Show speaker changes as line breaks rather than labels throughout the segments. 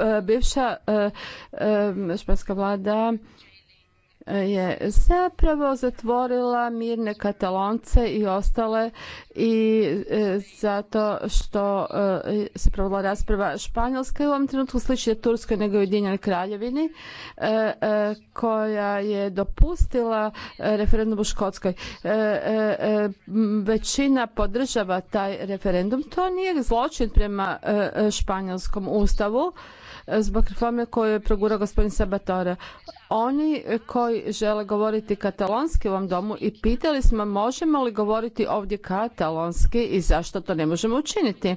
E, bivša e, e, španska vlada je zapravo zatvorila mirne katalonce i ostale i zato što se provodila rasprava Španjolska i u ovom trenutku sliči je Turskoj nego Ujedinjenoj kraljevini koja je dopustila referendum u Škotskoj. Većina podržava taj referendum. To nije zločin prema španjolskom ustavu zbog reforme koju je progurao gospodin Sabatore. Oni koji žele govoriti katalonski u ovom domu i pitali smo možemo li govoriti ovdje katalonski i zašto to ne možemo učiniti. E,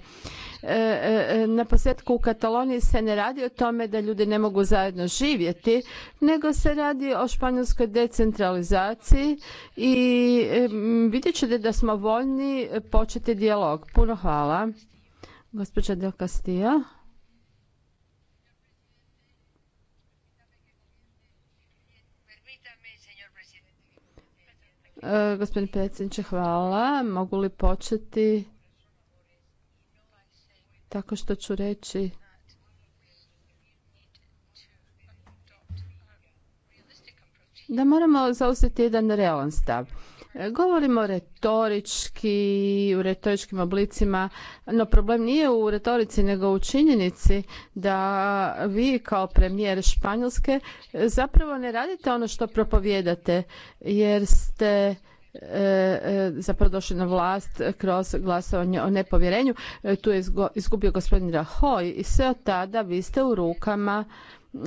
e, e, na posjetku u Kataloniji se ne radi o tome da ljudi ne mogu zajedno živjeti, nego se radi o španjolskoj decentralizaciji i vidjet ćete da smo voljni početi dijalog. Puno hvala. Gospođa Del Castillo. E, gospodine predsjedniče, hvala. Mogu li početi tako što ću reći da moramo zauzeti jedan realan stav. Govorimo retorički, u retoričkim oblicima, no problem nije u retorici nego u činjenici da vi kao premijer Španjolske zapravo ne radite ono što propovjedate jer ste e, e, zapravo došli na vlast kroz glasovanje o nepovjerenju. E, tu je izgubio gospodin Rahoj i sve od tada vi ste u rukama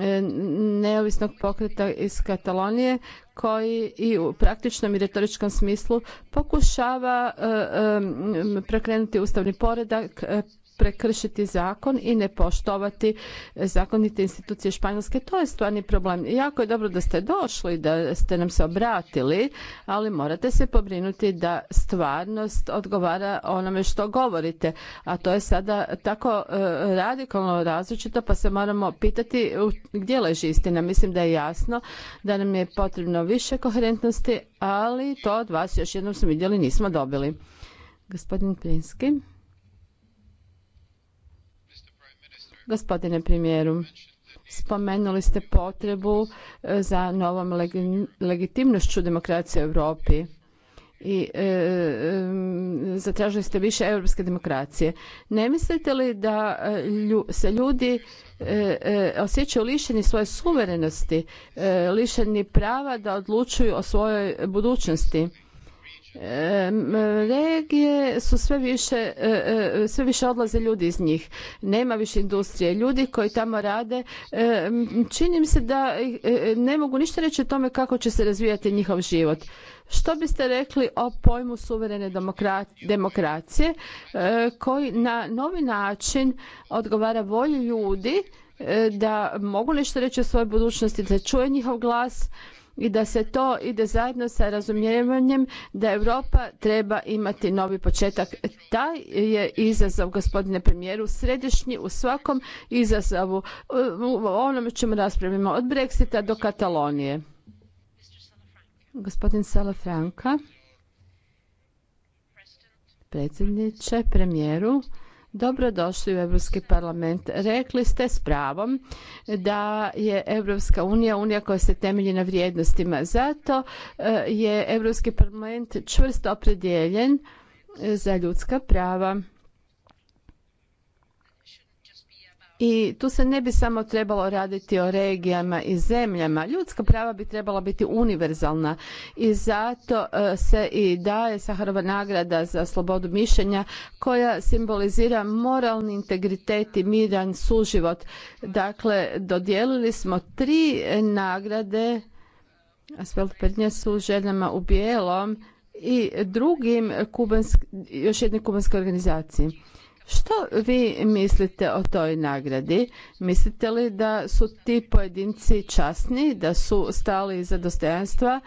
E, neovisnog pokreta iz Katalonije koji i u praktičnom i retoričkom smislu pokušava e, e, prekrenuti ustavni poredak, prekršiti zakon i ne poštovati zakonite institucije Španjolske. To je stvarni problem. Jako je dobro da ste došli, da ste nam se obratili, ali morate se pobrinuti da stvarnost odgovara onome što govorite. A to je sada tako e, radikalno različito pa se moramo pitati gdje leži istina. Mislim da je jasno da nam je potrebno više koherentnosti, ali to od vas još jednom smo vidjeli nismo dobili. Gospodin Plinski. Gospodine premijeru, spomenuli ste potrebu e, za novom legitimnošću demokracije u Europi i e, e, zatražili ste više europske demokracije. Ne mislite li da se ljudi osjećaju lišeni svoje suverenosti, lišeni prava da odlučuju o svojoj budućnosti? regije su sve više, e, e, sve više odlaze ljudi iz njih. Nema više industrije. Ljudi koji tamo rade, činim se da e, ne mogu ništa reći o tome kako će se razvijati njihov život. Što biste rekli o pojmu suverene demokracije koji na novi način odgovara volji ljudi da mogu nešto reći o svojoj budućnosti, da čuje njihov glas, i da se to ide zajedno sa razumijevanjem da Europa treba imati novi početak. Taj je izazov, gospodine premijeru, središnji u svakom izazovu, u onome čemu raspravljamo, od Brexita do Katalonije. Gospodin Salafranka, predsjedniče, premijeru, Dobrodošli u Europski parlament. Rekli ste s pravom da je Europska unija unija koja se temelji na vrijednostima. Zato e, je Europski parlament čvrsto opredjeljen za ljudska prava. i tu se ne bi samo trebalo raditi o regijama i zemljama. Ljudska prava bi trebala biti univerzalna i zato e, se i daje Saharova nagrada za slobodu mišljenja koja simbolizira moralni integritet i miran suživot. Dakle, dodijelili smo tri nagrade Asfalt su ženama u bijelom i drugim kubansk, još jednoj kubanskoj organizaciji. Što vi mislite o toj nagradi? Mislite li da su ti pojedinci časni, da su stali za dostojanstva?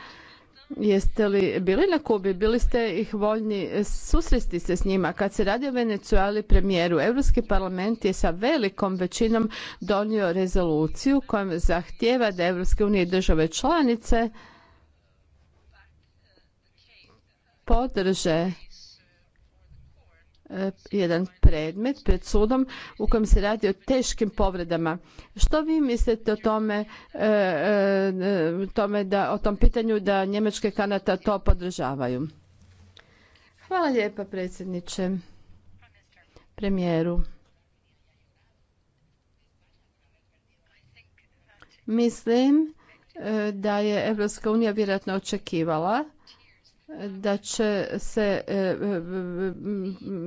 Jeste li bili na Kubi? Bili ste ih voljni susresti se s njima? Kad se radi o Venecueli premijeru, Europski parlament je sa velikom većinom donio rezoluciju kojom zahtjeva da Europske unije države članice podrže E, jedan predmet pred sudom u kojem se radi o teškim povredama. Što vi mislite o tome, e, e, tome da, o tom pitanju da Njemačke kanata to podržavaju? Hvala lijepa predsjedniče, premijeru. Mislim da je Evropska unija vjerojatno očekivala da će se e, e,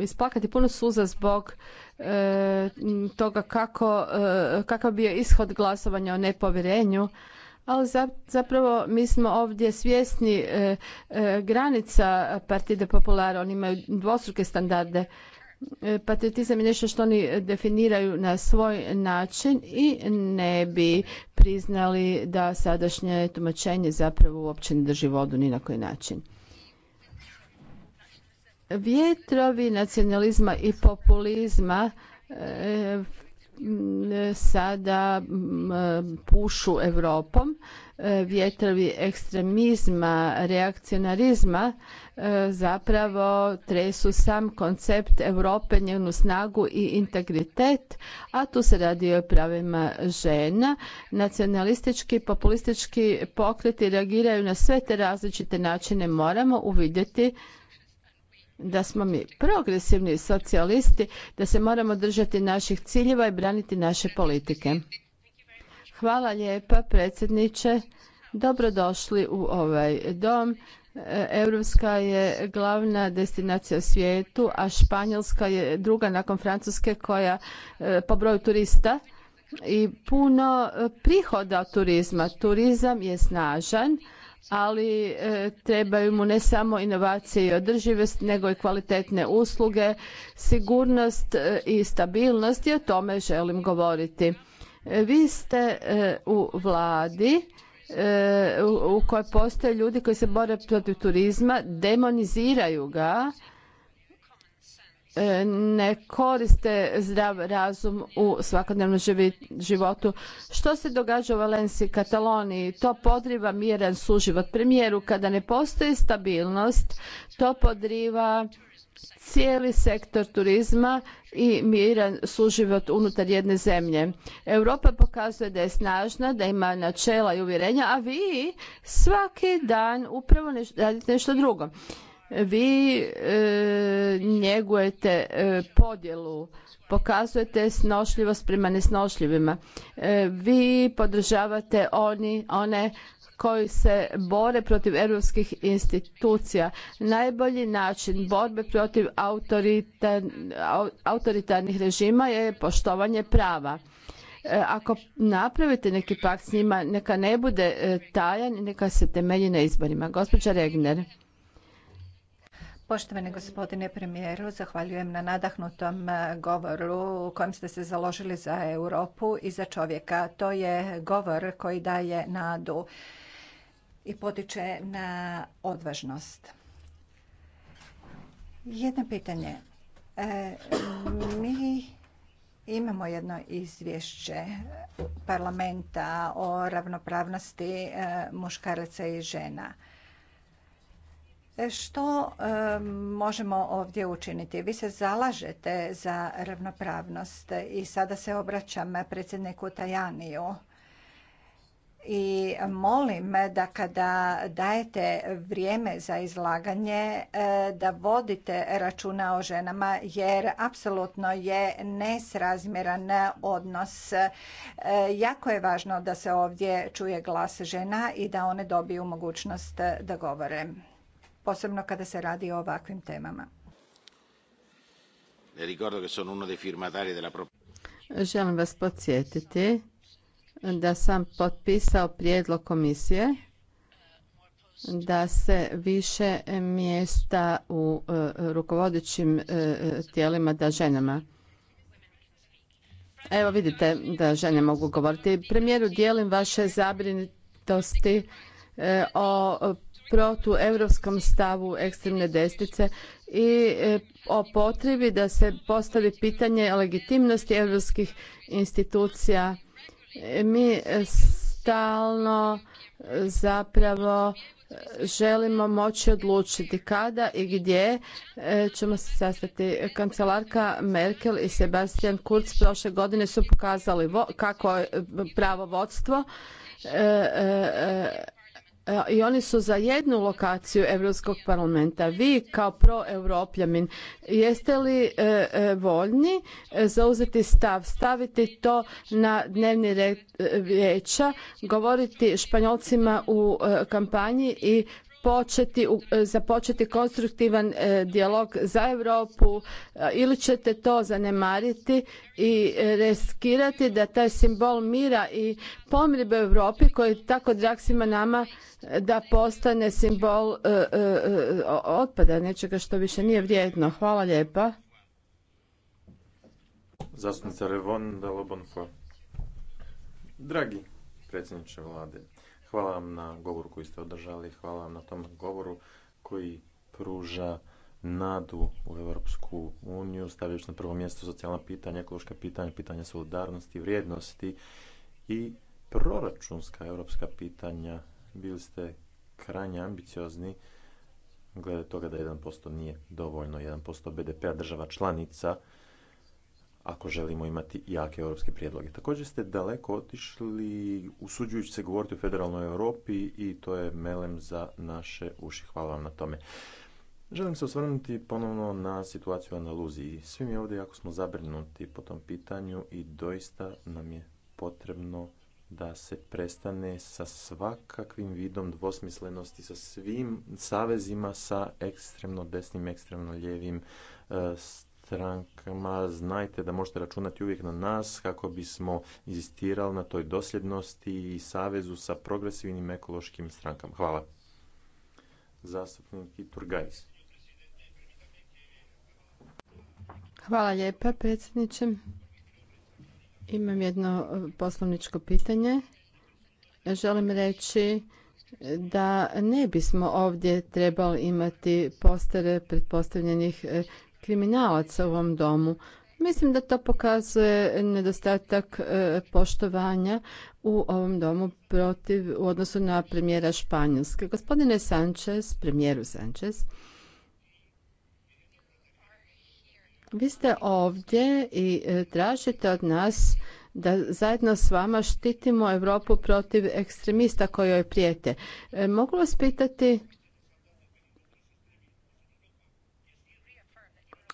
isplakati puno suza zbog e, toga kako, kakav bio ishod glasovanja o nepovjerenju ali zapravo mi smo ovdje svjesni granica Partide Populara, oni imaju dvostruke standarde. Patriotizam je nešto što oni definiraju na svoj način i ne bi priznali da sadašnje tumačenje zapravo uopće ne drži vodu ni na koji način. Vjetrovi nacionalizma i populizma e, sada pušu Europom e, vjetrovi ekstremizma, reakcionarizma e, zapravo tresu sam koncept Europe, njenu snagu i integritet, a tu se radi o pravima žena. Nacionalistički, populistički pokreti reagiraju na sve te različite načine. Moramo uvidjeti da smo mi progresivni socijalisti, da se moramo držati naših ciljeva i braniti naše politike. Hvala lijepa predsjedniče. Dobrodošli u ovaj dom. E, Europska je glavna destinacija u svijetu, a Španjolska je druga nakon Francuske koja e, po broju turista i puno e, prihoda od turizma. Turizam je snažan ali e, trebaju mu ne samo inovacije i održivost nego i kvalitetne usluge, sigurnost e, i stabilnost i o tome želim govoriti. E, vi ste u vladi u kojoj postoje ljudi koji se bore protiv turizma, demoniziraju ga E, ne koriste zdrav razum u svakodnevnom životu. Što se događa u Valenciji, Kataloniji? To podriva miran suživot premijeru. Kada ne postoji stabilnost, to podriva cijeli sektor turizma i miran suživot unutar jedne zemlje. Europa pokazuje da je snažna, da ima načela i uvjerenja, a vi svaki dan upravo radite nešto drugo vi e, njegujete e, podjelu pokazujete snošljivost prema nesnošljivima e, vi podržavate oni one koji se bore protiv europskih institucija najbolji način borbe protiv autoritarnih režima je poštovanje prava e, ako napravite neki pak s njima neka ne bude tajan neka se temelji na izborima gospođa regner
Poštovani gospodine premijeru, zahvaljujem na nadahnutom e, govoru u kojem ste se založili za Europu i za čovjeka. To je govor koji daje nadu i potiče na odvažnost. Jedno pitanje. E, mi Imamo jedno izvješće parlamenta o ravnopravnosti e, muškaraca i žena. E, što e, možemo ovdje učiniti? Vi se zalažete za ravnopravnost i sada se obraćam predsjedniku Tajaniju i molim da kada dajete vrijeme za izlaganje e, da vodite računa o ženama jer apsolutno je nesrazmjeran odnos. Jako je važno da se ovdje čuje glas žena i da one dobiju mogućnost da govore posebno kada se radi o ovakvim temama.
Želim vas podsjetiti da sam potpisao prijedlog komisije da se više mjesta u e, rukovodećim e, tijelima da ženama. Evo vidite da žene mogu govoriti. Premijeru, dijelim vaše zabrinutosti E, o protueuropskom stavu ekstremne desnice i e, o potrebi da se postavi pitanje legitimnosti europskih institucija. E, mi stalno zapravo želimo moći odlučiti kada i gdje ćemo se sastati. Kancelarka Merkel i Sebastian Kurz prošle godine su pokazali kako je pravo vodstvo E, i oni su za jednu lokaciju Europskog parlamenta. Vi kao Europljamin, jeste li e, e, voljni zauzeti stav, staviti to na dnevni red vijeća, govoriti Španjolcima u kampanji i početi, e, započeti konstruktivan e, dijalog za Europu e, ili ćete to zanemariti i riskirati da taj simbol mira i pomirbe u Europi koji je tako drag svima nama da postane simbol uh, uh, otpada nečega što više nije vrijedno. Hvala lijepa.
Zastupnica Revon Dragi predsjedniče vlade, Hvala vam na govoru koji ste održali, hvala vam na tom govoru koji pruža nadu u Europsku uniju, stavljajući na prvo mjesto socijalna pitanja, ekološka pitanja, pitanja solidarnosti, vrijednosti i proračunska europska pitanja. Bili ste krajnje ambiciozni glede toga da 1% nije dovoljno, 1% BDP-a država članica ako želimo imati jake europske prijedloge. Također ste daleko otišli usuđujući se govoriti o federalnoj Europi i to je melem za naše uši. Hvala vam na tome. Želim se osvrnuti ponovno na situaciju u Andaluziji. Svi mi ovdje jako smo zabrinuti po tom pitanju i doista nam je potrebno da se prestane sa svakakvim vidom dvosmislenosti, sa svim savezima, sa ekstremno desnim, ekstremno ljevim e, strankama, znajte da možete računati uvijek na nas kako bismo inzistirali na toj dosljednosti i savezu sa progresivnim ekološkim strankama. Hvala. Zastupnik
Hvala lijepa predsjedniče. Imam jedno e, poslovničko pitanje. Želim reći da ne bismo ovdje trebali imati postere pretpostavljenih e, kriminalaca u ovom domu. Mislim da to pokazuje nedostatak e, poštovanja u ovom domu protiv u odnosu na premijera Španjolske. Gospodine Sanchez, premijeru Sanchez, vi ste ovdje i e, tražite od nas da zajedno s vama štitimo Europu protiv ekstremista koji joj prijete. E, mogu vas pitati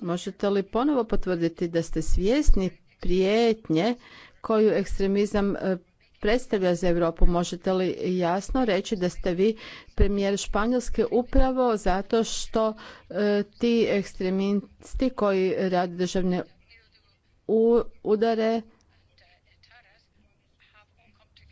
Možete li ponovo potvrditi da ste svjesni prijetnje koju ekstremizam e, predstavlja za Europu. Možete li jasno reći da ste vi premijer Španjolske upravo zato što e, ti ekstremisti koji rade državne udare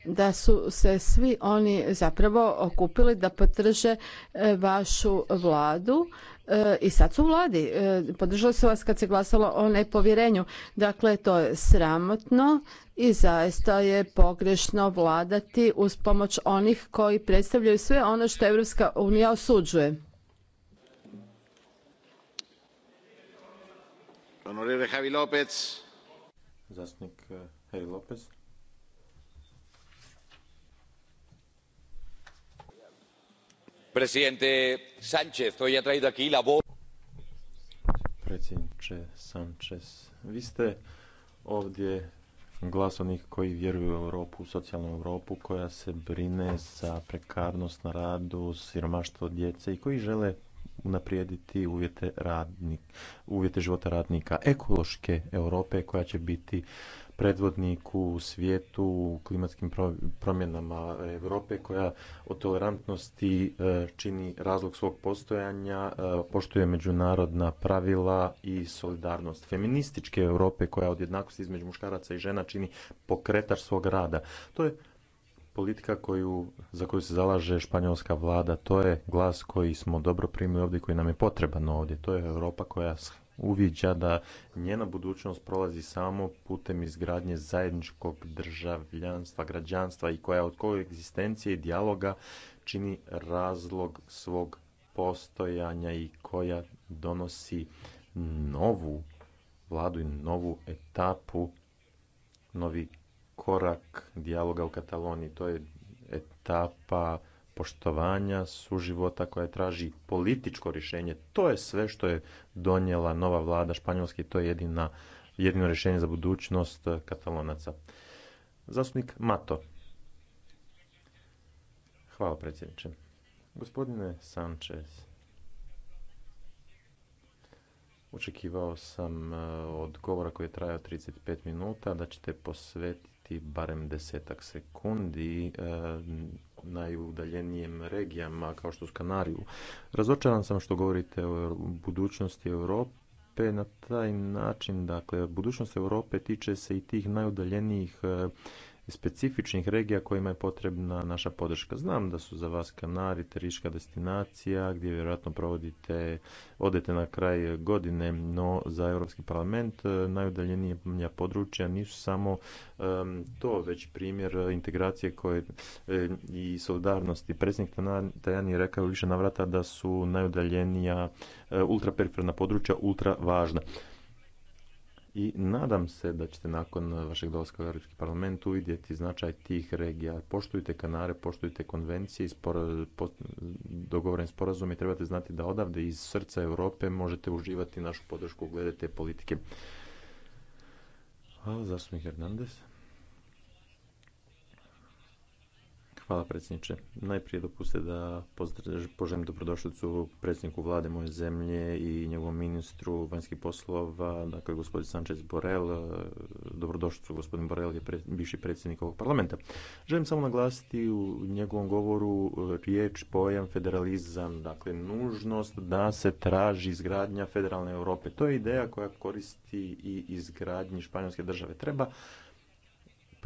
da su se svi oni zapravo okupili da potrže e, vašu vladu E, i sad su u vladi. E, podržali su vas kad se glasalo o nepovjerenju. Dakle, to je sramotno i zaista je pogrešno vladati uz pomoć onih koji predstavljaju sve ono što Evropska unija osuđuje.
Zastupnik e, Javi Lopez.
predsjedniče
Sanchez, vi ste ovdje glas koji vjeruju u Europu, socijalnu Europu koja se brine za prekarnost na radu, siromaštvo djece i koji žele unaprijediti uvjete, radnik, uvjete života radnika, ekološke Europe koja će biti predvodnik u svijetu u klimatskim promjenama Europe koja o tolerantnosti e, čini razlog svog postojanja, e, poštuje međunarodna pravila i solidarnost. Feminističke Europe koja od jednakosti između muškaraca i žena čini pokretač svog rada. To je politika koju, za koju se zalaže španjolska vlada, to je glas koji smo dobro primili ovdje, koji nam je potreban ovdje. To je Europa koja uviđa da njena budućnost prolazi samo putem izgradnje zajedničkog državljanstva, građanstva i koja od koegzistencije i dijaloga čini razlog svog postojanja i koja donosi novu vladu i novu etapu, novi korak dijaloga u Kataloniji. To je etapa poštovanja, suživota koja traži političko rješenje. To je sve što je donijela nova vlada Španjolske i to je jedina, jedino rješenje za budućnost katalonaca. Zastupnik Mato. Hvala predsjedniče. Gospodine Sanchez, očekivao sam e, od govora koji je trajao 35 minuta da ćete posvetiti barem desetak sekundi e, najudaljenijim regijama kao što su Kanariju. Razočaran sam što govorite o budućnosti Europe na taj način, dakle, budućnost Europe tiče se i tih najudaljenijih specifičnih regija kojima je potrebna naša podrška. Znam da su za vas Kanari turistička destinacija gdje vjerojatno provodite, odete na kraj godine, no za Europski parlament e, najudaljenija područja nisu samo to, već primjer integracije koje e, i solidarnosti. Predsjednik Tajani je rekao više navrata da su najudaljenija e, ultraperiferna područja ultra važna i nadam se da ćete nakon vašeg dolaska u Europski parlament uvidjeti značaj tih regija. Poštujte Kanare, poštujte konvencije, dogovoren sporazum i trebate znati da odavde iz srca Europe možete uživati našu podršku glede te politike. Hvala, zastupnik Hernandez. Hvala predsjedniče. Najprije dopuste da poželim dobrodošlicu predsjedniku vlade moje zemlje i njegovom ministru vanjskih poslova, dakle gospodin Sanchez Borel. Dobrodošlicu gospodin Borel je bivši predsjednik ovog parlamenta. Želim samo naglasiti u njegovom govoru e, riječ pojam federalizam, dakle nužnost da se traži izgradnja federalne Europe. To je ideja koja koristi i izgradnji španjolske države. Treba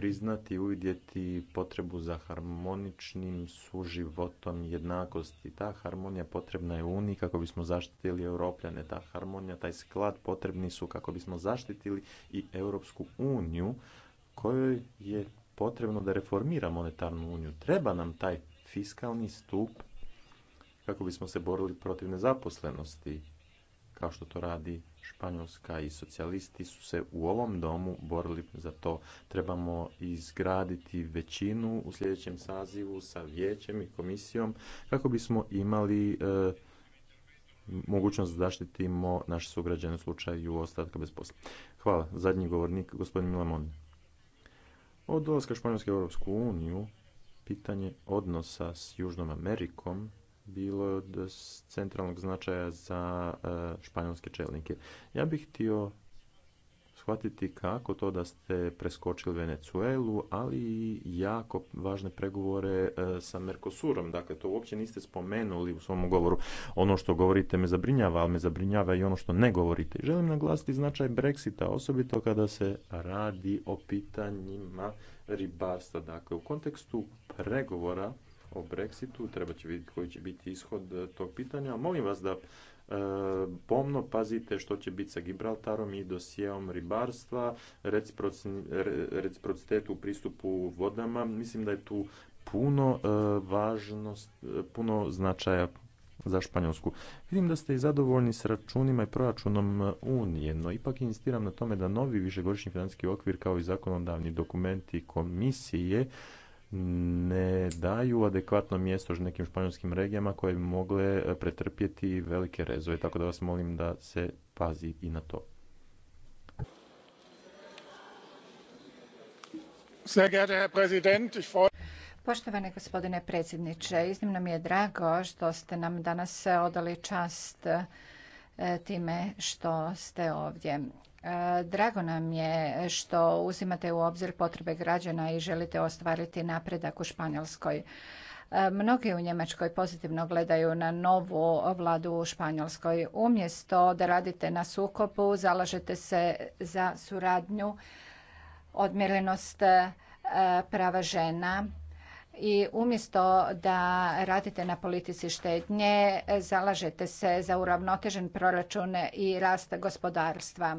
priznati i uvidjeti potrebu za harmoničnim suživotom jednakosti. Ta harmonija potrebna je Uniji kako bismo zaštitili Europljane. Ta harmonija, taj sklad potrebni su kako bismo zaštitili i Europsku uniju kojoj je potrebno da reformira monetarnu uniju. Treba nam taj fiskalni stup kako bismo se borili protiv nezaposlenosti kao što to radi Španjolska i socijalisti su se u ovom domu borili za to. Trebamo izgraditi većinu u sljedećem sazivu sa vijećem i komisijom kako bismo imali e, mogućnost da zaštitimo naše sugrađane u slučaju ostatka bez posla. Hvala. Zadnji govornik, gospodin Milamon. Od dolaska Španjolske u Europsku uniju, pitanje odnosa s Južnom Amerikom bilo od centralnog značaja za e, španjolske čelnike. Ja bih htio shvatiti kako to da ste preskočili Venecuelu, ali i jako važne pregovore e, sa Mercosurom. Dakle, to uopće niste spomenuli u svom govoru. Ono što govorite me zabrinjava, ali me zabrinjava i ono što ne govorite. Želim naglasiti značaj Brexita, osobito kada se radi o pitanjima ribarstva. Dakle, u kontekstu pregovora o Brexitu, treba će vidjeti koji će biti ishod e, tog pitanja. Molim vas da e, pomno pazite što će biti sa Gibraltarom i dosijeom ribarstva, reciprocitetu u pristupu vodama. Mislim da je tu puno e, važnost, puno značaja za Španjolsku. Vidim da ste i zadovoljni s računima i proračunom Unije, no ipak insistiram na tome da novi višegodišnji financijski okvir kao i zakonodavni dokumenti komisije ne daju adekvatno mjesto nekim španjolskim regijama koje bi mogle eh, pretrpjeti velike rezove, tako da vas molim da se pazi i na to.
Poštovani gospodine predsjedniče, iznimno mi je drago što ste nam danas odali čast eh, time što ste ovdje. E, drago nam je što uzimate u obzir potrebe građana i želite ostvariti napredak u Španjolskoj. E, mnogi u Njemačkoj pozitivno gledaju na novu vladu u Španjolskoj. Umjesto da radite na sukobu, zalažete se za suradnju, odmjerenost e, prava žena i umjesto da radite na politici štetnje, zalažete se za uravnotežen proračun i rast gospodarstva.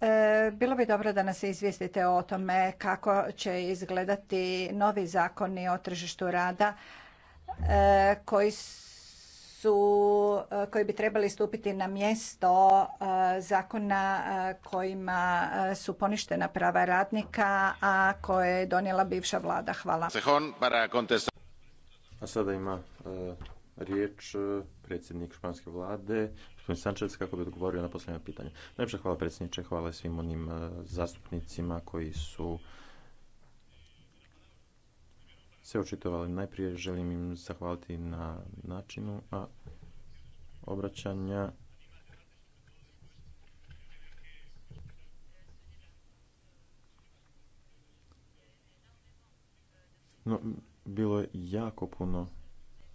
E, bilo bi dobro da nas izvijestite o tome kako će izgledati novi zakoni o tržištu rada e, koji su, e, koji bi trebali stupiti na mjesto zakona kojima su poništena prava radnika, a koje je donijela bivša vlada. Hvala. A
ima riječ predsjednik španske vlade, gospodin Sančevski, kako bi odgovorio na posljednje pitanje. Najprije hvala predsjedniče, hvala svim onim e, zastupnicima koji su se očitovali. Najprije želim im zahvaliti na načinu a obraćanja. No, bilo je jako puno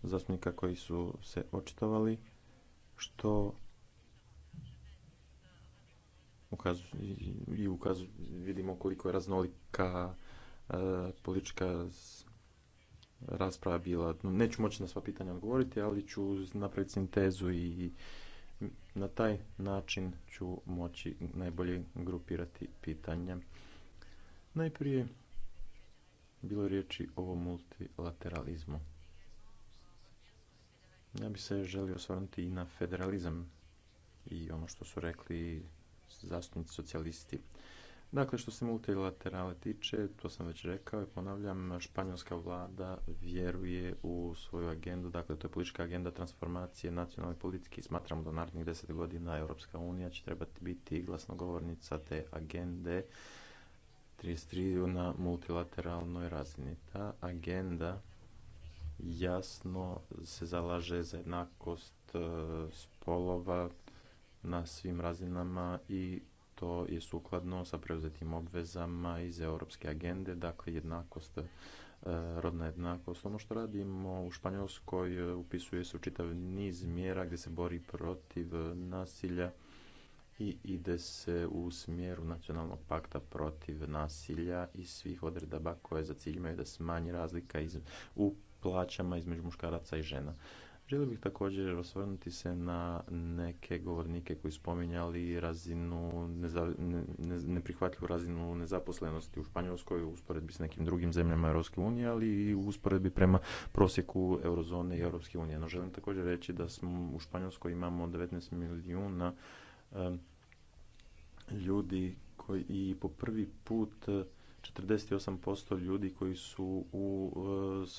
zastupnika koji su se očitovali, što i vidimo koliko je raznolika e, politička rasprava bila. Neću moći na sva pitanja odgovoriti, ali ću napraviti sintezu i na taj način ću moći najbolje grupirati pitanja. Najprije bilo je riječi o multilateralizmu. Ja bih se želio osvrnuti i na federalizam i ono što su rekli zastupnici socijalisti. Dakle, što se multilaterale tiče, to sam već rekao i ponavljam, španjolska vlada vjeruje u svoju agendu, dakle to je politička agenda transformacije nacionalne politike i smatramo da narednih deset godina Europska unija će trebati biti glasnogovornica te agende 33 na multilateralnoj razini. Ta agenda jasno se zalaže za jednakost e, spolova na svim razinama i to je sukladno sa preuzetim obvezama iz europske agende, dakle jednakost e, rodna jednakost. Ono što radimo u Španjolskoj e, upisuje se u čitav niz mjera gdje se bori protiv nasilja i ide se u smjeru nacionalnog pakta protiv nasilja i svih odredaba koje za cilj imaju da smanji razlika iz, u plaćama između muškaraca i žena. Želio bih također osvrnuti se na neke govornike koji spominjali razinu neprihvatljivu razinu nezaposlenosti u Španjolskoj u usporedbi s nekim drugim zemljama Europske unije, ali i u usporedbi prema prosjeku eurozone i Europske unije. No želim također reći da smo u Španjolskoj imamo 19 milijuna ljudi koji i po prvi put 48% ljudi koji su u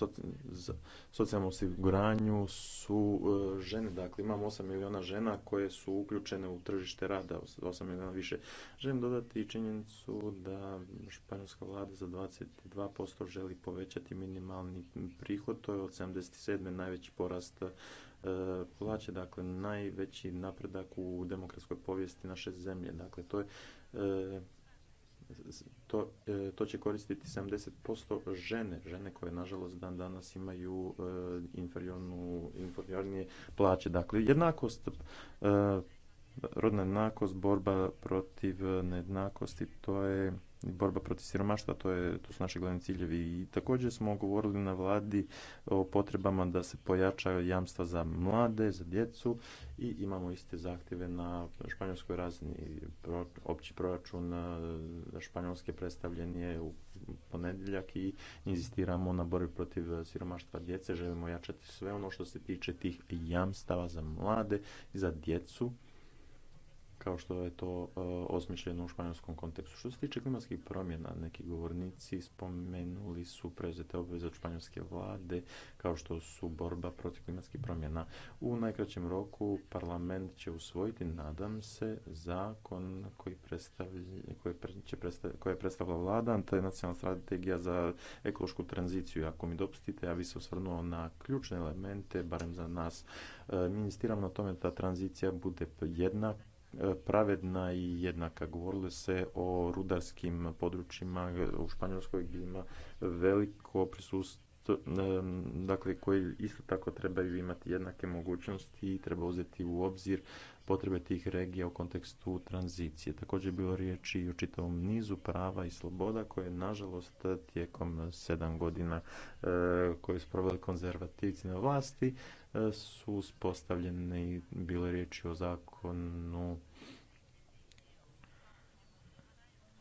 e, socijalnom osiguranju su e, žene. Dakle, imamo 8 miliona žena koje su uključene u tržište rada, 8 milijuna više. Želim dodati činjenicu da španjolska vlada za 22% želi povećati minimalni prihod. To je od 77. najveći porast e, plaće, dakle najveći napredak u demokratskoj povijesti naše zemlje. Dakle, to je to, e, to će koristiti 70% žene, žene koje nažalost dan danas imaju e, inferiornu, inferiornije plaće. Dakle, jednakost, e, rodna jednakost, borba protiv nejednakosti, to je borba protiv siromaštva, to, je, to su naši glavni ciljevi. I također smo govorili na vladi o potrebama da se pojača jamstva za mlade, za djecu i imamo iste zahtjeve na španjolskoj razini. Opći proračun e, španjolske predstavljen je u ponedjeljak i inzistiramo na borbi protiv siromaštva djece. Želimo jačati sve ono što se tiče tih jamstava za mlade i za djecu kao što je to e, osmišljeno u španjolskom kontekstu. Što se tiče klimatskih promjena, neki govornici spomenuli su preuzete obveze od španjolske vlade, kao što su borba protiv klimatskih promjena. U najkraćem roku parlament će usvojiti, nadam se, zakon koji, je predstavila vlada, to je nacionalna strategija za ekološku tranziciju. Ako mi dopustite, ja bih se osvrnuo na ključne elemente, barem za nas. E, mi na tome da tranzicija bude jedna pravedna i jednaka. Govorilo se o rudarskim područjima u Španjolskoj gdje ima veliko prisustvo dakle koji isto tako trebaju imati jednake mogućnosti i treba uzeti u obzir potrebe tih regija u kontekstu tranzicije. Također je bilo riječi i o čitavom nizu prava i sloboda koje nažalost tijekom sedam godina eh, koje su proveli konzervativci na vlasti E, su uspostavljene i bilo je riječi o zakonu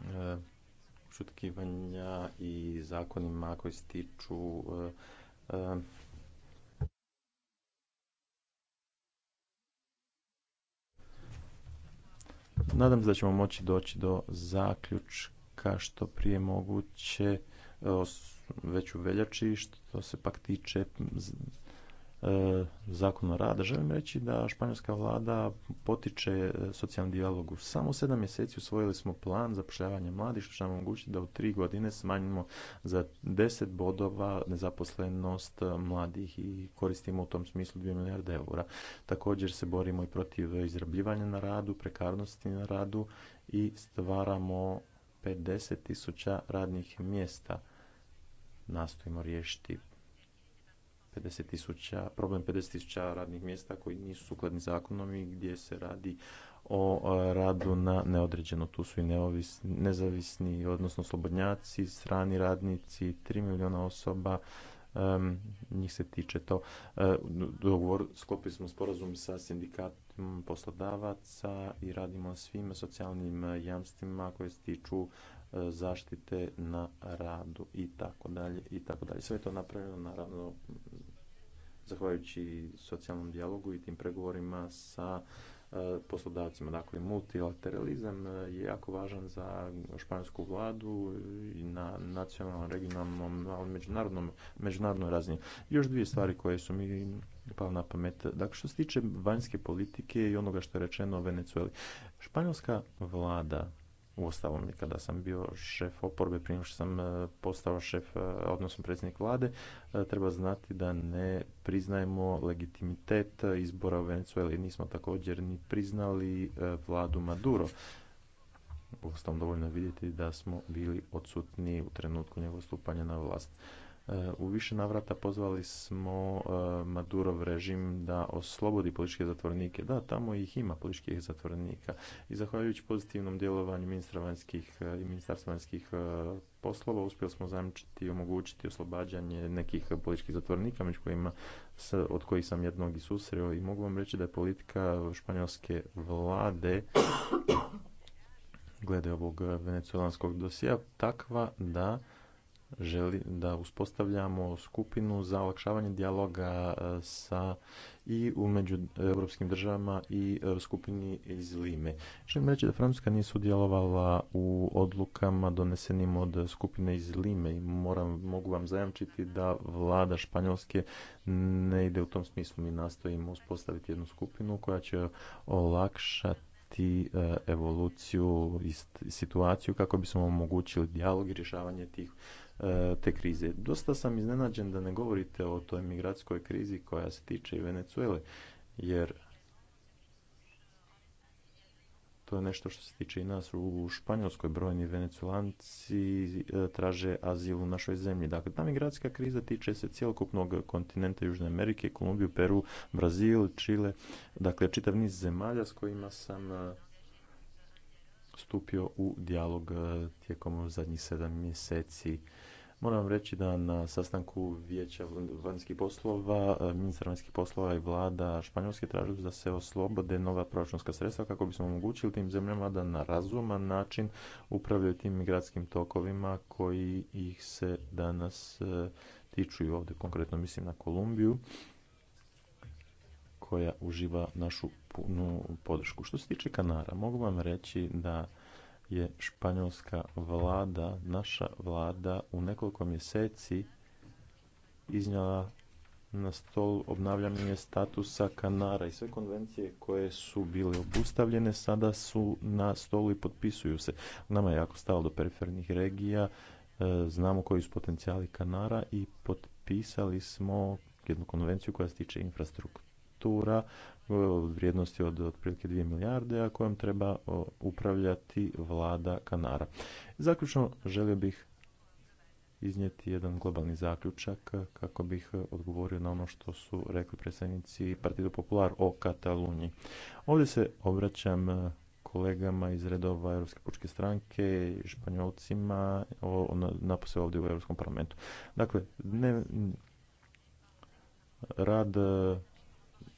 e, šutkivanja i zakonima koji se tiču e, Nadam se da ćemo moći doći do zaključka što prije moguće već u veljači što se pak tiče E, zakonu rada, želim reći da španjolska vlada potiče e, socijalni dijalog. U samo sedam mjeseci usvojili smo plan zapošljavanja mladih, što će nam omogućiti da u tri godine smanjimo za deset bodova nezaposlenost e, mladih i koristimo u tom smislu 2 milijarde eura. Također se borimo i protiv izrabljivanja na radu, prekarnosti na radu i stvaramo 50 tisuća radnih mjesta nastojimo riješiti 50 tisuća, problem 50.000 radnih mjesta koji nisu sukladni zakonom i gdje se radi o e, radu na neodređeno. Tu su i neovisni, nezavisni, odnosno slobodnjaci, strani radnici, 3 milijuna osoba, njih se tiče to. E, dogovor, sklopili smo sporazum sa sindikatom poslodavaca i radimo svim socijalnim jamstvima koje se tiču E, zaštite na radu i tako dalje i tako dalje. Sve to napravljeno naravno zahvaljujući socijalnom dijalogu i tim pregovorima sa e, poslodavcima. Dakle, multilateralizam e, je jako važan za španjolsku vladu i na nacionalnom, regionalnom, ali međunarodnom, međunarodnoj razini. Još dvije stvari koje su mi pao na pamet. Dakle, što se tiče vanjske politike i onoga što je rečeno o Venecueli. Španjolska vlada Uostalom, kada sam bio šef oporbe, prije što sam e, postao šef, e, odnosno predsjednik vlade, e, treba znati da ne priznajemo legitimitet izbora u Venezueli. Nismo također ni priznali vladu Maduro. Uostalom, dovoljno vidjeti da smo bili odsutni u trenutku njegovog stupanja na vlast. E, u više navrata pozvali smo e, Madurov režim da oslobodi političke zatvornike. Da, tamo ih ima političkih zatvornika. I zahvaljujući pozitivnom djelovanju ministra vanjskih e, i ministarstva vanjskih poslova uspjeli smo zamčiti i omogućiti oslobađanje nekih političkih zatvornika među kojima od kojih sam jednog i susreo i mogu vam reći da je politika španjolske vlade glede ovog venecuelanskog dosija takva da želi da uspostavljamo skupinu za olakšavanje dijaloga e, sa i u među europskim državama i e, skupini iz Lime. Želim reći da Francuska nije sudjelovala u odlukama donesenim od skupine iz Lime i moram, mogu vam zajamčiti da vlada Španjolske ne ide u tom smislu. Mi nastojimo uspostaviti jednu skupinu koja će olakšati e, evoluciju i situaciju kako bismo omogućili dijalog i rješavanje tih E, te krize. Dosta sam iznenađen da ne govorite o toj migracijskoj krizi koja se tiče i Venezuele, jer to je nešto što se tiče i nas u Španjolskoj. Brojni venecuelanci e, traže azil u našoj zemlji. Dakle, ta migracijska kriza tiče se cjelokupnog kontinenta Južne Amerike, Kolumbiju, Peru, Brazil, Čile. Dakle, čitav niz zemalja s kojima sam e, stupio u dijalog e, tijekom zadnjih sedam mjeseci. Moram reći da na sastanku vijeća vanjskih poslova, e, ministar vanjskih poslova i vlada Španjolske tražili da se oslobode nova proračunska sredstva kako bismo omogućili tim zemljama da na razuman način upravljaju tim migratskim tokovima koji ih se danas e, tiču i ovdje konkretno mislim na Kolumbiju koja uživa našu punu podršku. Što se tiče Kanara, mogu vam reći da je španjolska vlada, naša vlada u nekoliko mjeseci iznjela na stol obnavljanje statusa Kanara i sve konvencije koje su bile obustavljene sada su na stolu i potpisuju se. Nama je jako stalo do perifernih regija, e, znamo koji su potencijali Kanara i potpisali smo jednu konvenciju koja se tiče infrastrukture infrastruktura e, vrijednosti od otprilike 2 milijarde, a kojom treba upravljati vlada Kanara. Zaključno želio bih iznijeti jedan globalni zaključak kako bih e, odgovorio na ono što su rekli predstavnici Partido Popular o Kataluniji. Ovdje se obraćam e, kolegama iz redova Europske pučke stranke, španjolcima, napose ovdje u Europskom parlamentu. Dakle, rad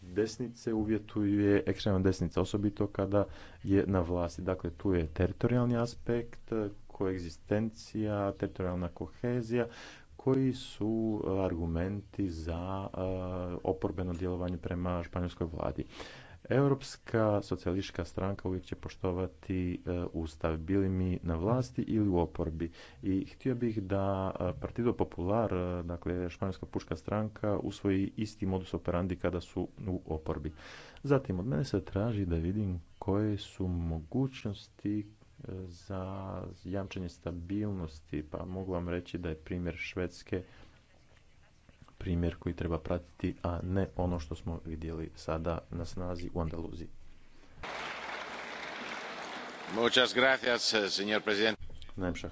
desnice uvjetuje ekstremna desnica, osobito kada je na vlasti. Dakle, tu je teritorijalni aspekt, koegzistencija, teritorijalna kohezija, koji su eh, argumenti za eh, oporbeno djelovanje prema španjolskoj vladi. Europska socijalistička stranka uvijek će poštovati e, ustav, bili mi na vlasti ili u oporbi. I htio bih da e, Partido Popular, e, dakle Španjolska puška stranka, usvoji isti modus operandi kada su u oporbi. Zatim, od mene se traži da vidim koje su mogućnosti za jamčenje stabilnosti, pa mogu vam reći da je primjer Švedske primjer koji treba pratiti, a ne ono što smo vidjeli sada na snazi u Andaluziji. Muchas gracias, eh, señor presidente.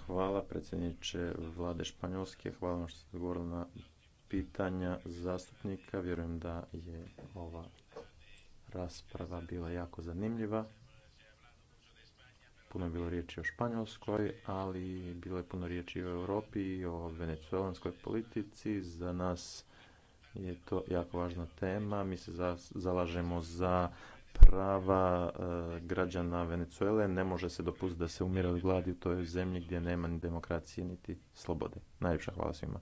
hvala predsjedniče vlade Španjolske. Hvala vam što ste odgovorili na pitanja zastupnika. Vjerujem da je ova rasprava bila jako zanimljiva. Puno je bilo riječi o Španjolskoj, ali bilo je puno riječi o Europi, o venecuelanskoj politici. Za nas je to jako važna tema. Mi se zalažemo za prava e, građana Venezuele. Ne može se dopustiti da se umire od gladi u toj zemlji gdje nema ni demokracije niti slobode. Najljepša hvala svima.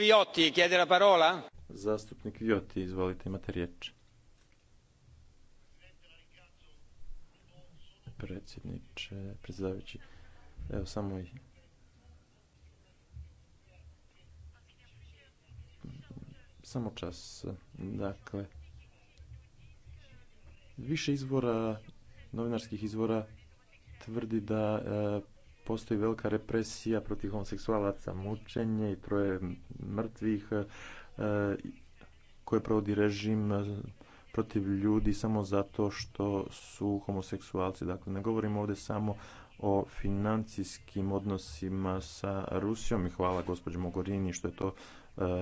Viotti, chiede la parola. Zastupnik Viotti, izvolite, imate riječ. Predsjedniče, predsjedavajući, evo samo i... Samo čas, dakle, više izvora, novinarskih izvora tvrdi da e, postoji velika represija protiv homoseksualaca, mučenje i troje mrtvih e, koje provodi režim e, protiv ljudi samo zato što su homoseksualci. Dakle, ne govorimo ovdje samo o financijskim odnosima sa Rusijom i hvala gospođi Mogorini što je to e,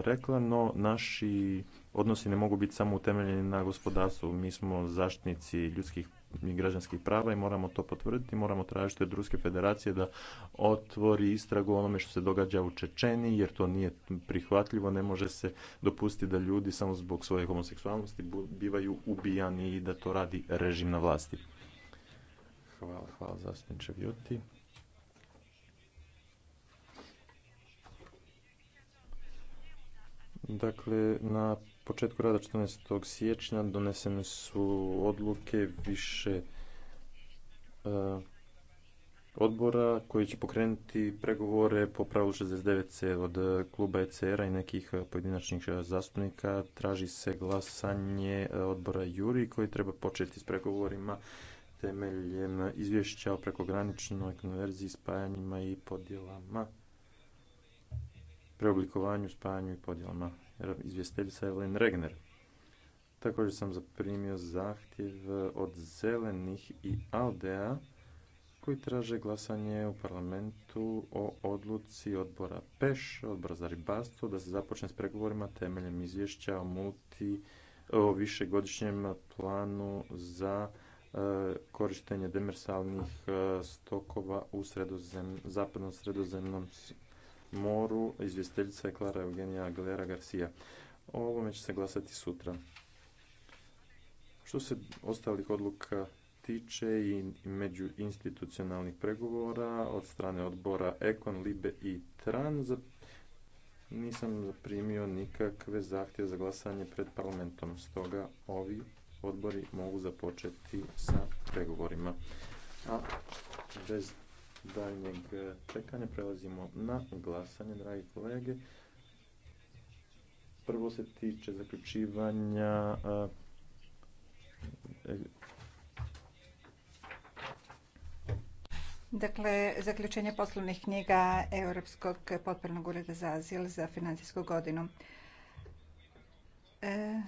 rekla, no naši odnosi ne mogu biti samo utemeljeni na gospodarstvu. Mi smo zaštitnici ljudskih građanskih prava i moramo to potvrditi. Moramo tražiti od Ruske federacije da otvori istragu onome što se događa u Čečeni jer to nije prihvatljivo. Ne može se dopustiti da ljudi samo zbog svoje homoseksualnosti bivaju ubijani i da to radi režim na vlasti. Hvala, hvala Vjuti. Dakle, na početku rada 14. siječnja donesene su odluke više e, odbora koji će pokrenuti pregovore po pravilu 69c od kluba ECR-a i nekih pojedinačnih zastupnika. Traži se glasanje odbora Juri koji treba početi s pregovorima temeljem izvješća o prekograničnoj konverziji, spajanjima i podjelama, preoblikovanju, spajanju i podjelama izvjestiteljica Evelyn Regner. Također sam zaprimio zahtjev eh, od zelenih i Aldea koji traže glasanje u parlamentu o odluci odbora PEŠ, odbora za ribarstvo, da se započne s pregovorima temeljem izvješća o, multi, o višegodišnjem planu za eh, korištenje demersalnih eh, stokova u sredozem, zapadnom sredozemnom moru. Izvjestiteljica je Klara Eugenija Aguilera Garcia. O ovome će se glasati sutra. Što se ostalih odluka tiče i među institucionalnih pregovora od strane odbora Ekon, Libe i Tran, nisam zaprimio nikakve zahtjeve za glasanje pred parlamentom. Stoga ovi odbori mogu započeti sa pregovorima. A bez daljnjeg e, čekanja prelazimo na glasanje, dragi kolege. Prvo se tiče zaključivanja e,
Dakle, zaključenje poslovnih knjiga Europskog potpornog ureda za azil za financijsku godinu. E,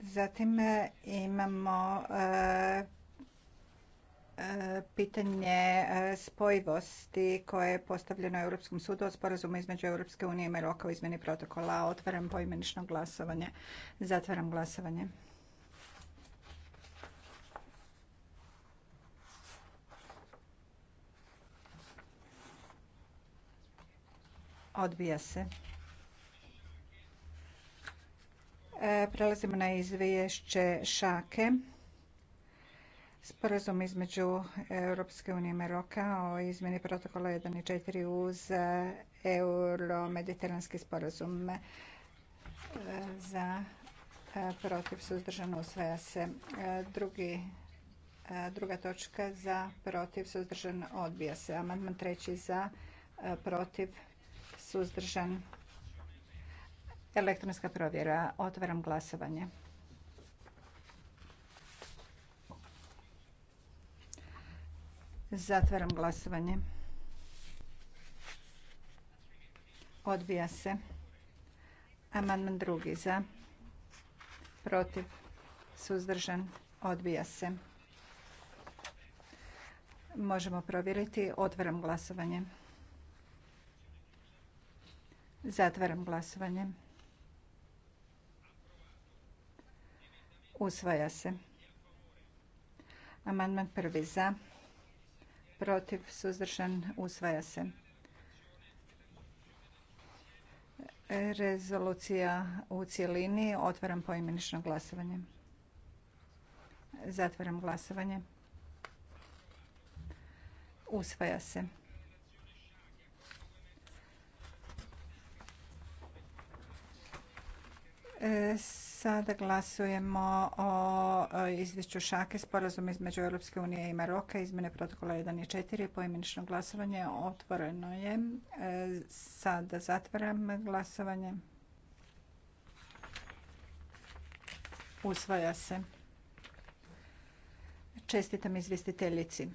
zatim imamo pitanje e, spojivosti koje je postavljeno Europskom sudu o sporazumu između Europske unije i Maroka u izmjeni protokola. Otvaram poimenično glasovanje. Zatvaram glasovanje. Odbija se. E, prelazimo na izvješće Šake. Sporazum između Europske unije i Maroka o izmjeni protokola 1 i 4 uz e, euro-mediteranski sporazum e, za e, protiv suzdržano usvaja se. Drugi, druga točka za protiv suzdržan odbija se. Amandman treći za protiv suzdržan elektronska provjera. Otvaram glasovanje. Zatvaram glasovanje. Odbija se. Amandman drugi za. Protiv. Suzdržan. Odbija se. Možemo provjeriti. Otvaram glasovanje. Zatvaram glasovanje. Usvaja se. Amandman prvi za protiv, suzdržan, usvaja se. Rezolucija u cjelini. Otvaram poimenično glasovanje. Zatvaram glasovanje. Usvaja se. Sada glasujemo o e, izvješću Šake, sporazum između Europske unije i Maroka, izmjene protokola 1 i 4, poimenično glasovanje otvoreno je. E, sada zatvaram glasovanje. Usvaja se. Čestitam izvjestiteljici.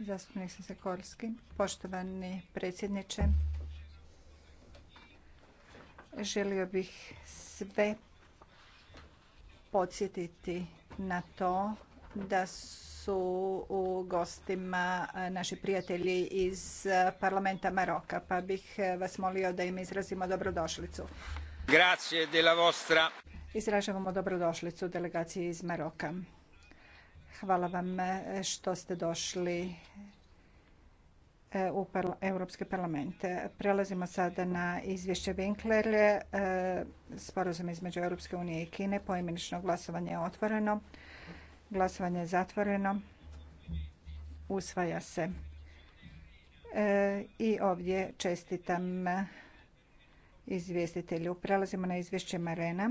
Zastupnik Sikorski, poštovani predsjedniče, želio bih sve podsjetiti na to da su u gostima naši prijatelji iz parlamenta Maroka, pa bih vas molio da im izrazimo dobrodošlicu.
Grazie della vostra.
Izražavamo dobrodošlicu delegaciji iz Maroka. Hvala vam e, što ste došli e, u Europske parlamente. Prelazimo sada na izvješće Winkler. E, sporazum između Europske unije i Kine. Poimenično glasovanje je otvoreno. Glasovanje je zatvoreno. Usvaja se. I ovdje čestitam izvjestitelju. Prelazimo na izvješće Marena.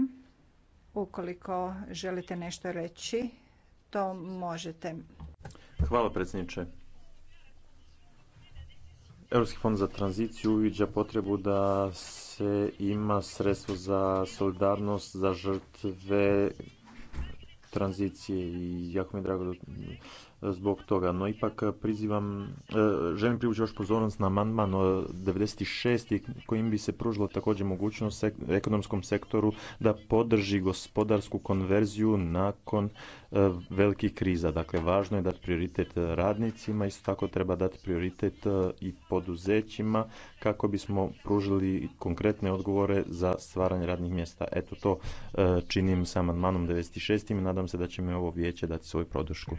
Ukoliko želite nešto reći, to možete.
Hvala predsjedniče. Europski fond za tranziciju uviđa potrebu da se ima sredstvo za solidarnost za žrtve tranzicije i jako mi je drago da zbog toga. No ipak eh, prizivam, eh, želim privući još pozornost na amandman 96. kojim bi se pružilo također mogućnost ekonomskom sektoru da podrži gospodarsku konverziju nakon eh, velikih kriza. Dakle, važno je dati prioritet radnicima, isto tako treba dati prioritet i poduzećima kako bismo pružili konkretne odgovore za stvaranje radnih mjesta. Eto to činim sa amandmanom 96. i nadam se da će me ovo vijeće dati svoju podršku.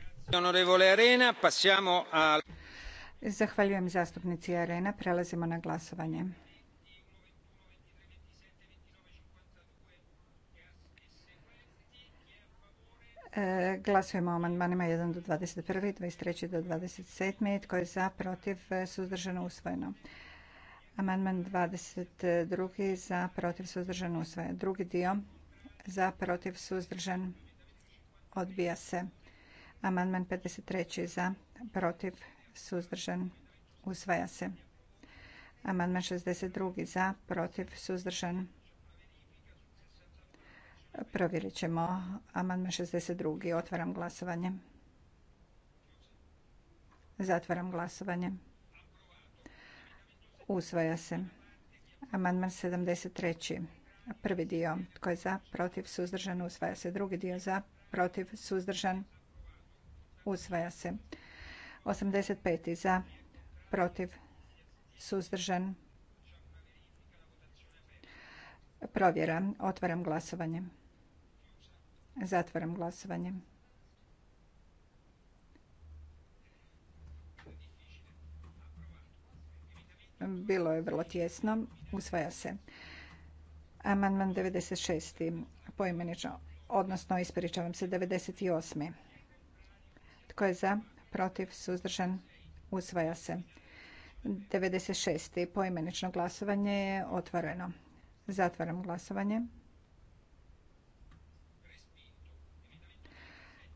Zahvaljujem zastupnici Arena. Prelazimo na glasovanje. E, glasujemo o amandmanima jedan do 21, 23 do 27. Tko je za, protiv, suzdržano, usvojeno. Amandman 22 za, protiv, suzdržan, usvojen. Drugi dio za, protiv, suzdržan, odbija se. Amandman 53. za, protiv, suzdržan, usvaja se. Amandman 62. za, protiv, suzdržan. Provjerit ćemo amandman 62. Otvaram glasovanje. Zatvaram glasovanje. Usvaja se. Amandman 73. Prvi dio. Tko je za? Protiv? Suzdržan? Usvaja se. Drugi dio za? Protiv? Suzdržan? Usvaja se. 85. za, protiv, suzdržan. Provjera. Otvaram glasovanje. Zatvaram glasovanje. Bilo je vrlo tjesno. Usvaja se. Amandman 96. poimenično, odnosno ispričavam se 98. Tko je za? Protiv? Suzdržan? Usvaja se. 96. Poimenično glasovanje je otvoreno. Zatvaram glasovanje.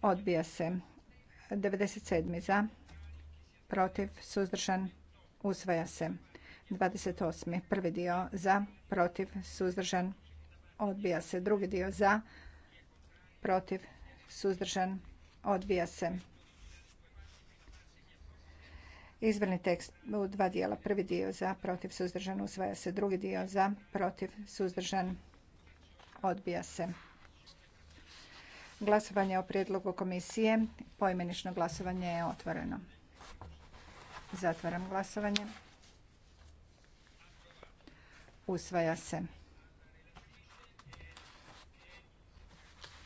Odbija se. 97. za. Protiv. Suzdržan. Usvaja se. 28. Prvi dio za. Protiv. Suzdržan. Odbija se. Drugi dio za. Protiv. Suzdržan. Odbija se. Izvrni tekst u dva dijela. Prvi dio za protiv suzdržan usvaja se. Drugi dio za protiv suzdržan odbija se. Glasovanje o prijedlogu komisije. Poimenično glasovanje je otvoreno. Zatvaram glasovanje. Usvaja se.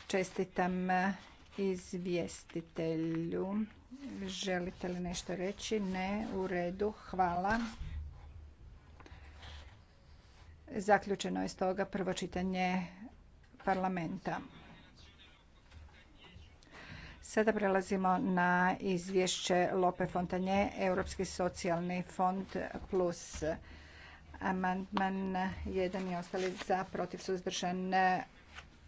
Čestitam eh, izvjestitelju. Želite li nešto reći? Ne, u redu, hvala. Zaključeno je stoga prvo čitanje parlamenta. Sada prelazimo na izvješće Lope Fontanje, Europski socijalni fond plus amandman Jedan i ostali za protiv suzdržan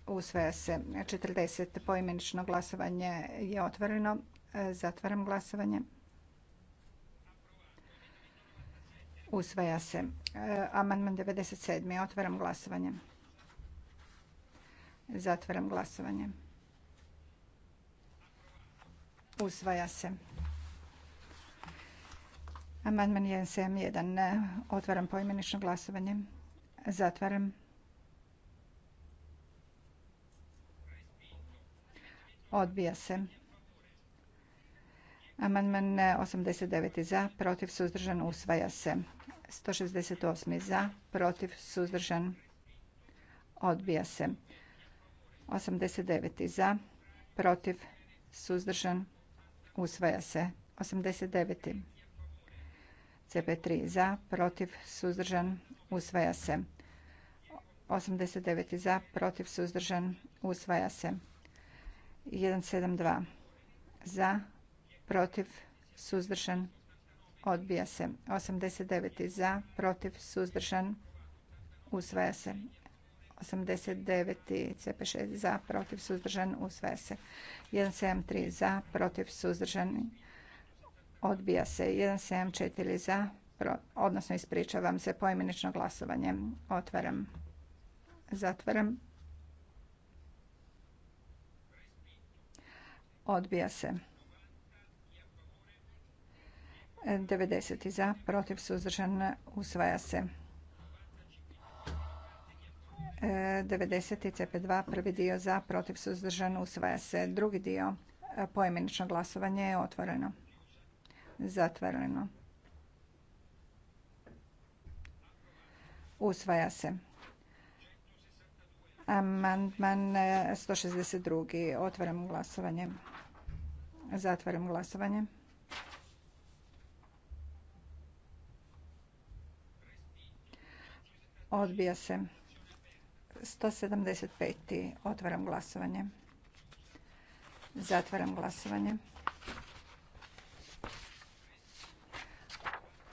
usvaja se. 40 poimenično glasovanje je otvoreno. Zatvaram glasovanje. Usvaja se. Amandman 97. Otvaram glasovanje. Zatvaram glasovanje. Usvaja se. Amandman 171. Otvaram poimenično glasovanje. Zatvaram. Odbija se. Amandman 89. E, za, protiv, suzdržan, usvaja se. 168. za, protiv, suzdržan, odbija se. 89. za, protiv, suzdržan, usvaja se. 89. CP3 za, protiv, suzdržan, usvaja se. 89. za, protiv, suzdržan, usvaja se. 172. za, protiv, suzdržan, odbija se. 89. za, protiv, suzdržan, usvaja se. 89. CP6 za, protiv, suzdržan, usvaja se. 173 za, protiv, suzdržan, odbija se. 174 za, odnosno ispričavam se, poimenično glasovanje. Otvaram, zatvaram. Odbija se. 90. za, protiv, suzdržan, usvaja se. 90. CP2, prvi dio za, protiv, suzdržan, usvaja se. Drugi dio, poimenično glasovanje je otvoreno. Zatvoreno. Usvaja se. Amandman 162. Otvaram glasovanje. Zatvaram glasovanje. Odbija se. 175. Otvaram glasovanje. Zatvaram glasovanje.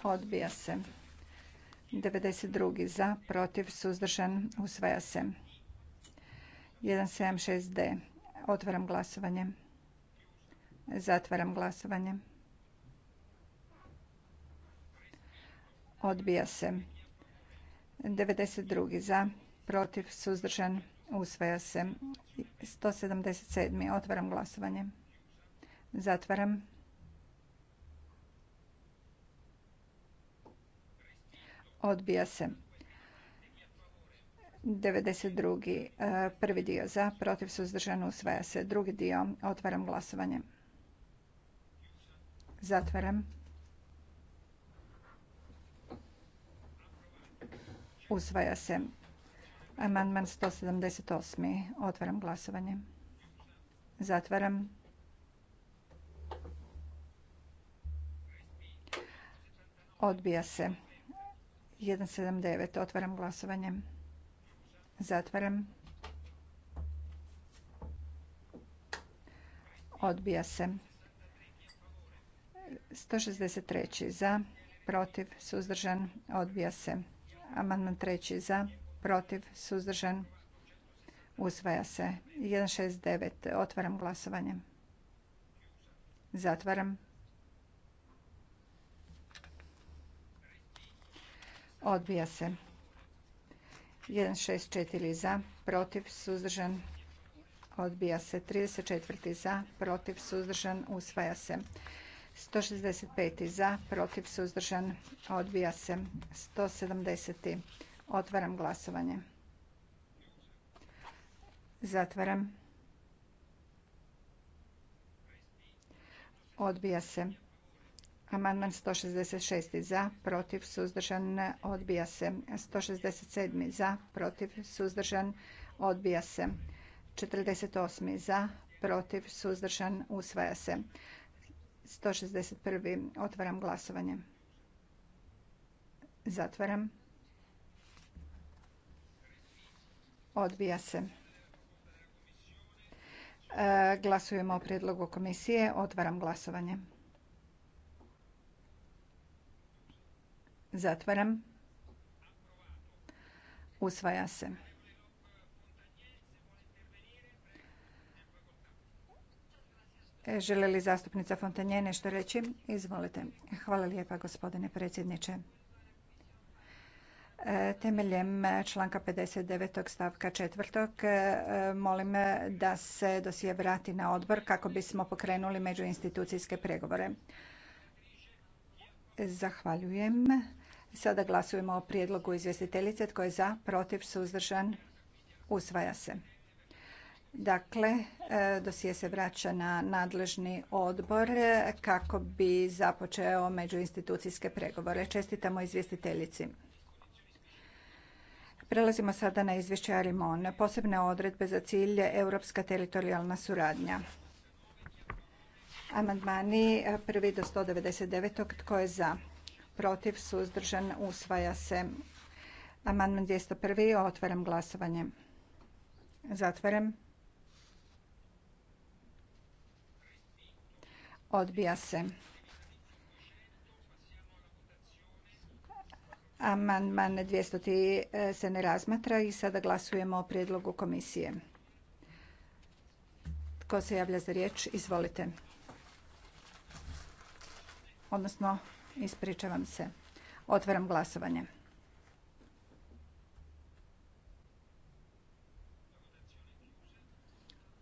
Odbija se. 92. Za, protiv, suzdržan, usvaja se. 176D. Otvaram glasovanje. Zatvaram glasovanje. Odbija se. 92. za, protiv, suzdržan, usvaja se. 177. Otvaram glasovanje. Zatvaram. Odbija se. 92. E, prvi dio za, protiv, suzdržan, usvaja se. Drugi dio. Otvaram glasovanje. Zatvaram. Usvaja se. Amandman 178. Otvaram glasovanje. Zatvaram. Odbija se. 179. Otvaram glasovanje. Zatvaram. Odbija se. 163. Za, protiv, suzdržan. Odbija se. Amandman treći za, protiv, suzdržan, usvaja se. 169. Otvaram glasovanje. Zatvaram. Odbija se. 164 za, protiv, suzdržan, odbija se. 34 za, protiv, suzdržan, usvaja se. 165. za, protiv, suzdržan, odbija se. 170. Otvaram glasovanje. Zatvaram. Odbija se. Amandman 166. za, protiv, suzdržan, odbija se. 167. za, protiv, suzdržan, odbija se. 48. za, protiv, suzdržan, usvaja se. 161. Otvaram glasovanje. Zatvaram. Odbija se. E, glasujemo o prijedlogu komisije. Otvaram glasovanje. Zatvaram. Usvaja se. E, Žele li zastupnica Fontanje nešto reći? Izvolite. Hvala lijepa gospodine predsjedniče. E, temeljem članka 59. stavka 4. E, molim da se dosije vrati na odbor kako bismo pokrenuli međuinstitucijske pregovore. Zahvaljujem. Sada glasujemo o prijedlogu izvjestiteljice. Tko je za, protiv, suzdržan? Usvaja se. Dakle, e, dosije se vraća na nadležni odbor kako bi započeo međuinstitucijske pregovore. Čestitamo izvjestiteljici. Prelazimo sada na izvješće Arimon. Posebne odredbe za cilj Europska teritorijalna suradnja. Amandmani prvi do 199. Tko je za? Protiv? Suzdržan? Usvaja se. Amandman 201. Otvaram glasovanje. Zatvaram. Odbija se. Amandman 200 e, se ne razmatra i sada glasujemo o prijedlogu komisije. Tko se javlja za riječ? Izvolite. Odnosno, ispričavam se. Otvaram glasovanje.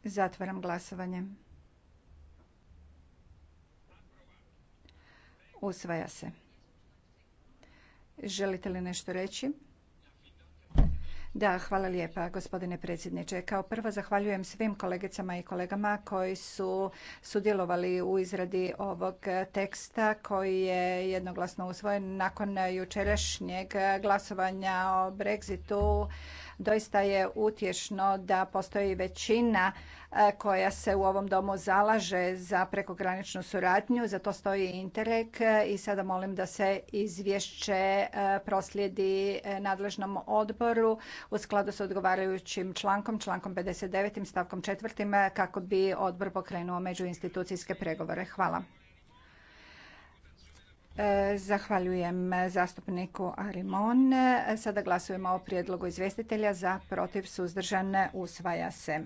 Zatvaram glasovanje. Usvaja se. Želite li nešto reći? Da, hvala lijepa gospodine predsjedniče. Kao prvo zahvaljujem svim kolegicama i kolegama koji su sudjelovali u izradi ovog teksta koji je jednoglasno usvojen nakon jučerašnjeg glasovanja o Brexitu. Doista je utješno da postoji većina e, koja se u ovom domu zalaže za prekograničnu suradnju, za to stoji Interreg e, i sada molim da se izvješće e, proslijedi nadležnom odboru u skladu s odgovarajućim člankom, člankom 59. stavkom 4. kako bi odbor pokrenuo međuinstitucijske pregovore. Hvala. Zahvaljujem zastupniku Arimon. Sada glasujemo o prijedlogu izvjestitelja za protiv suzdržan usvaja se.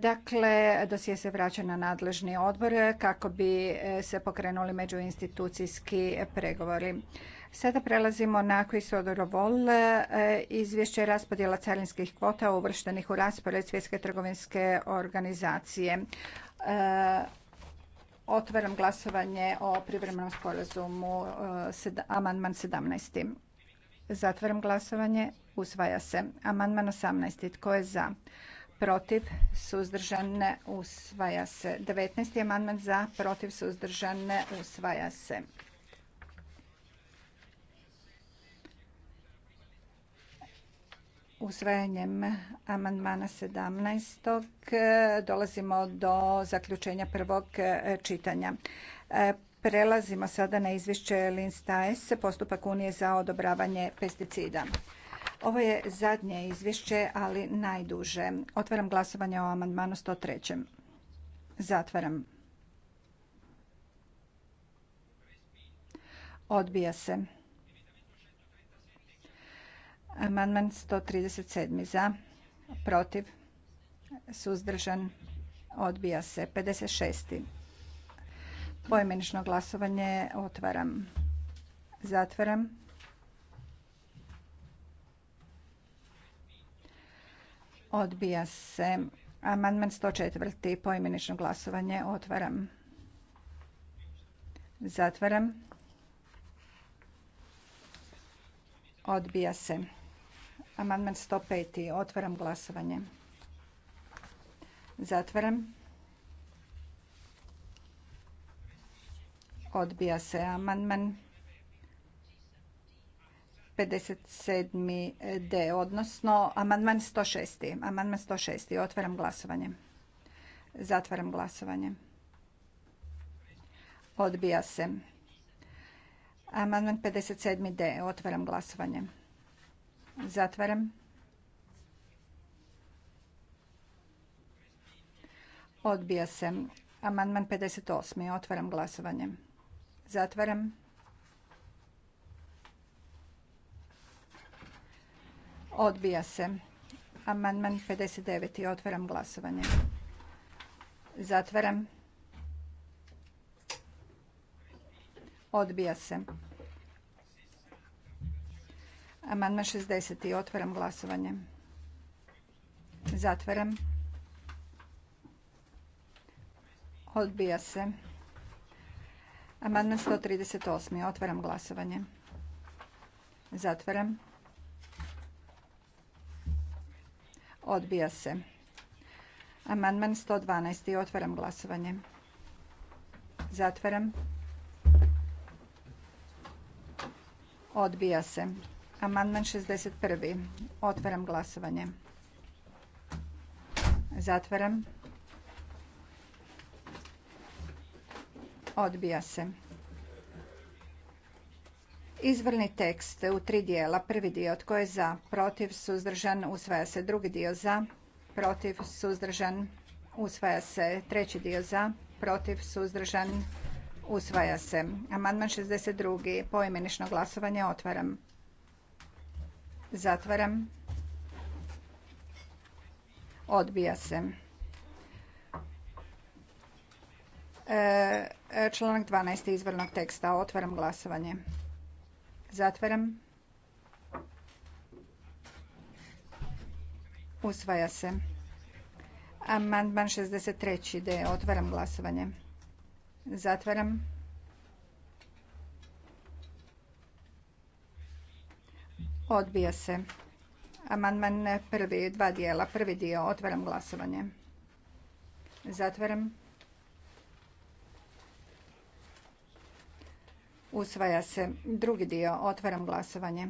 Dakle, dosije se vraća na nadležni odbor kako bi se pokrenuli međuinstitucijski pregovori. Sada prelazimo na Vol, izvješće raspodjela carinskih kvota uvrštenih u raspored Svjetske trgovinske organizacije. Otvaram glasovanje o privremenom sporazumu e, amandman 17. Zatvaram glasovanje. Usvaja se. Amandman 18. Tko je za? Protiv? suzdržane, Usvaja se. 19. Amandman za? Protiv? suzdržane, Usvaja se. usvajanjem amandmana 17. E, dolazimo do zaključenja prvog e, čitanja. E, prelazimo sada na izvješće Linstaes, postupak Unije za odobravanje pesticida. Ovo je zadnje izvješće, ali najduže. Otvaram glasovanje o amandmanu 103. Zatvaram. Odbija se. Amandman 137. za, protiv, suzdržan, odbija se. 56. Poimenično glasovanje otvaram. Zatvaram. Odbija se. Amandman 104. Poimenično glasovanje otvaram. Zatvaram. Odbija se. Amandman 105. Otvaram glasovanje. Zatvaram. Odbija se amandman 57. D, odnosno amandman 106. Amandman 106. Otvaram glasovanje. Zatvaram glasovanje. Odbija se. Amandman 57. D. Otvaram glasovanje. Zatvaram. Odbija se. Amandman 58. Otvaram glasovanje. Zatvaram. Odbija se. Amandman 59. Otvaram glasovanje. Zatvaram. Odbija se. Amandman 60. Otvaram glasovanje. Zatvaram. Odbija se. Amandman 138. Otvaram glasovanje. Zatvaram. Odbija se. Amandman 112. Otvaram glasovanje. Zatvaram. Odbija se. Amandman 61. Otvaram glasovanje. Zatvaram. Odbija se. Izvrni tekst u tri dijela. Prvi dio tko je za, protiv, suzdržan, usvaja se. Drugi dio za, protiv, suzdržan, usvaja se. Treći dio za, protiv, suzdržan, usvaja se. Amandman 62. Poimenično glasovanje otvaram. Zatvaram. Odbija se. E, e, članak 12. izvornog teksta. Otvaram glasovanje. Zatvaram. Usvaja se. Amandman 63. D. Otvaram glasovanje. Zatvaram. Odbija se. Amandman prvi, dva dijela. Prvi dio, otvaram glasovanje. Zatvaram. Usvaja se. Drugi dio, otvaram glasovanje.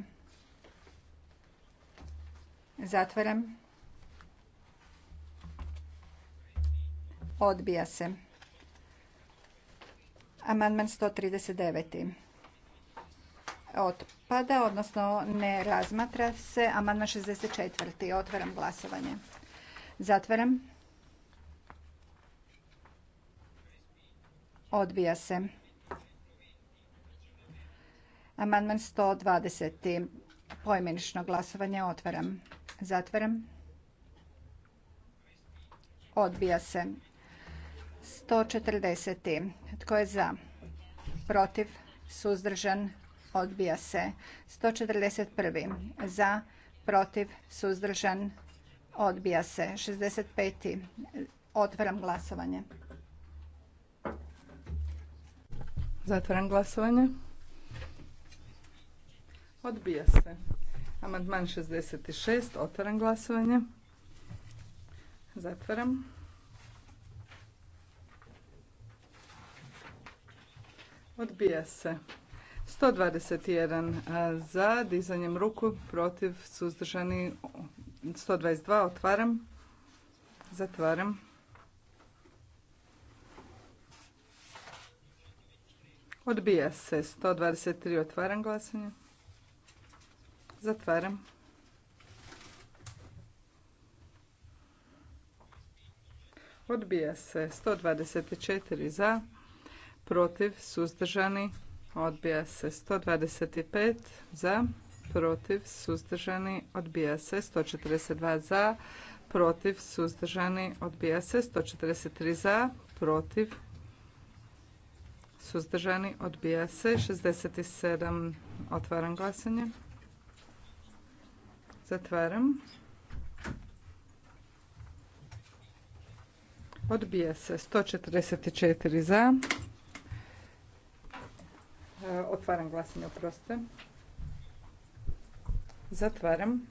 Zatvaram. Odbija se. Amandman 139 otpada, odnosno ne razmatra se. Amandman 64. Otvaram glasovanje. Zatvaram. Odbija se. Amandman 120. Poimenično glasovanje otvaram. Zatvaram. Odbija se. 140. Tko je za? Protiv? Suzdržan? odbija se. 141. za, protiv, suzdržan, odbija se. 65. Otvaram
glasovanje. Zatvaram glasovanje. Odbija se. Amandman 66. Otvaram glasovanje. Zatvaram. Odbija se. 121 za, dizanjem ruku, protiv, suzdržani, 122, otvaram, zatvaram. Odbija se, 123, otvaram glasanje, zatvaram. Odbija se, 124 za, protiv, suzdržani, 122 odbija se 125 za, protiv, suzdržani, odbija se 142 za, protiv, suzdržani, odbija se 143 za, protiv, suzdržani, odbija se 67. Otvaram glasanje. Zatvaram. Odbija se 144 za, E, otvaram glasanje, oprostite. Zatvaram.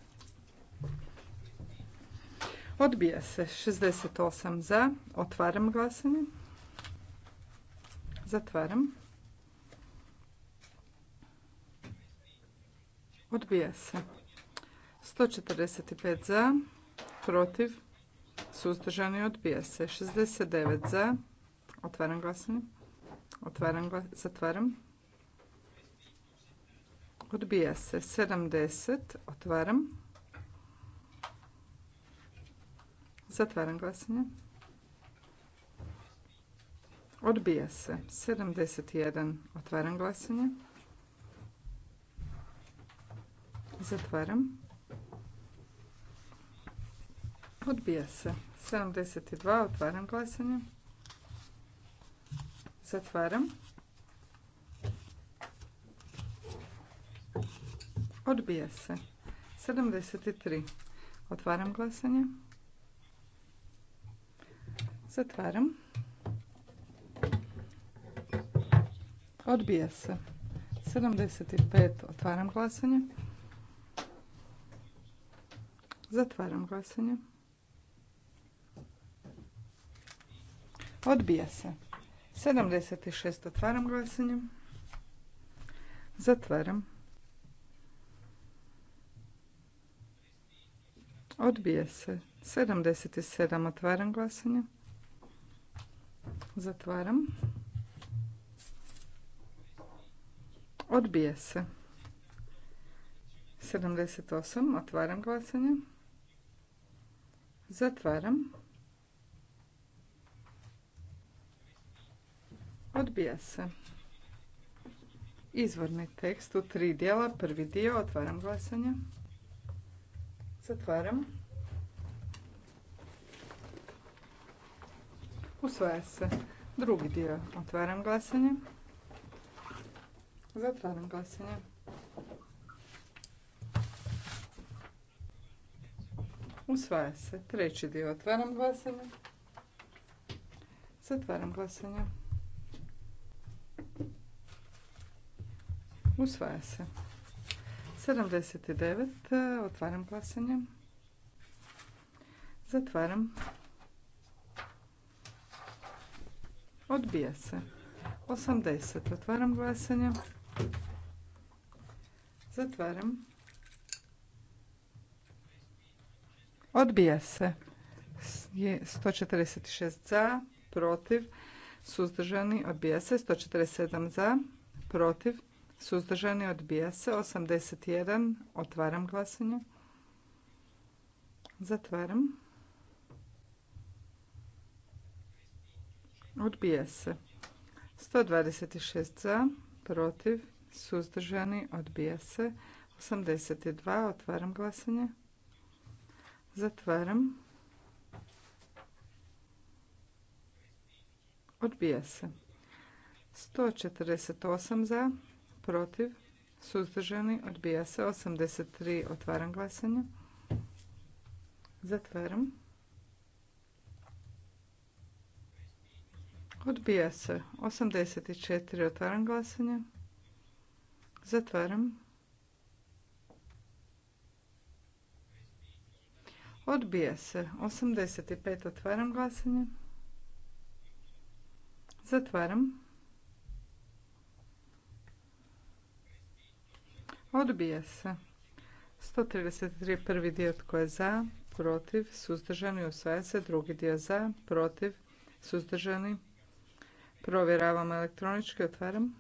Odbija se 68 za. Otvaram glasanje. Zatvaram. Odbija se. 145 za, protiv, suzdržani odbija se. 69 za, otvaram glasanje. Otvaram, zatvaram. Odbija se 70. Otvaram. Zatvaram glasanje. Odbija se 71. Otvaram glasanje. Zatvaram. Odbija se 72. Otvaram glasanje. Zatvaram. Odbija se. 73. Otvaram glasanje. Zatvaram. Odbija se. 75. Otvaram glasanje. Zatvaram glasanje. Odbija se. 76. Otvaram glasanje. Zatvaram. Odbije se. 77. Otvaram glasanje. Zatvaram. Odbije se. 78. Otvaram glasanje. Zatvaram. Odbija se. Izvorni tekst u tri dijela. Prvi dio. Otvaram glasanje. Zatvaram. Usvaja se. Drugi dio. Otvaram glasanje. Zatvaram glasanje. Usvaja se. Treći dio. Otvaram glasanje. Zatvaram glasanje. Usvaja se. 79. Otvaram glasanje. Zatvaram. Odbija se. 80. Otvaram glasanje. Zatvaram. Odbija se. 146 za, protiv, suzdržani, odbija se. 147 za, protiv, Suzdržani odbija se. 81. Otvaram glasanje. Zatvaram. Odbija se. 126 za, protiv, suzdržani, odbija se. 82. Otvaram glasanje. Zatvaram. Odbija se. 148 za, protiv, suzdržani, odbija se. 83 otvaram glasanje. Zatvaram. Odbija se. 84 otvaram glasanje. Zatvaram. Odbija se. 85 otvaram glasanje. Zatvaram. Odbija se. 133. prvi dio tko je za, protiv, suzdržani, usvaja se. Drugi dio za, protiv, suzdržani. Provjeravamo elektronički, otvaram.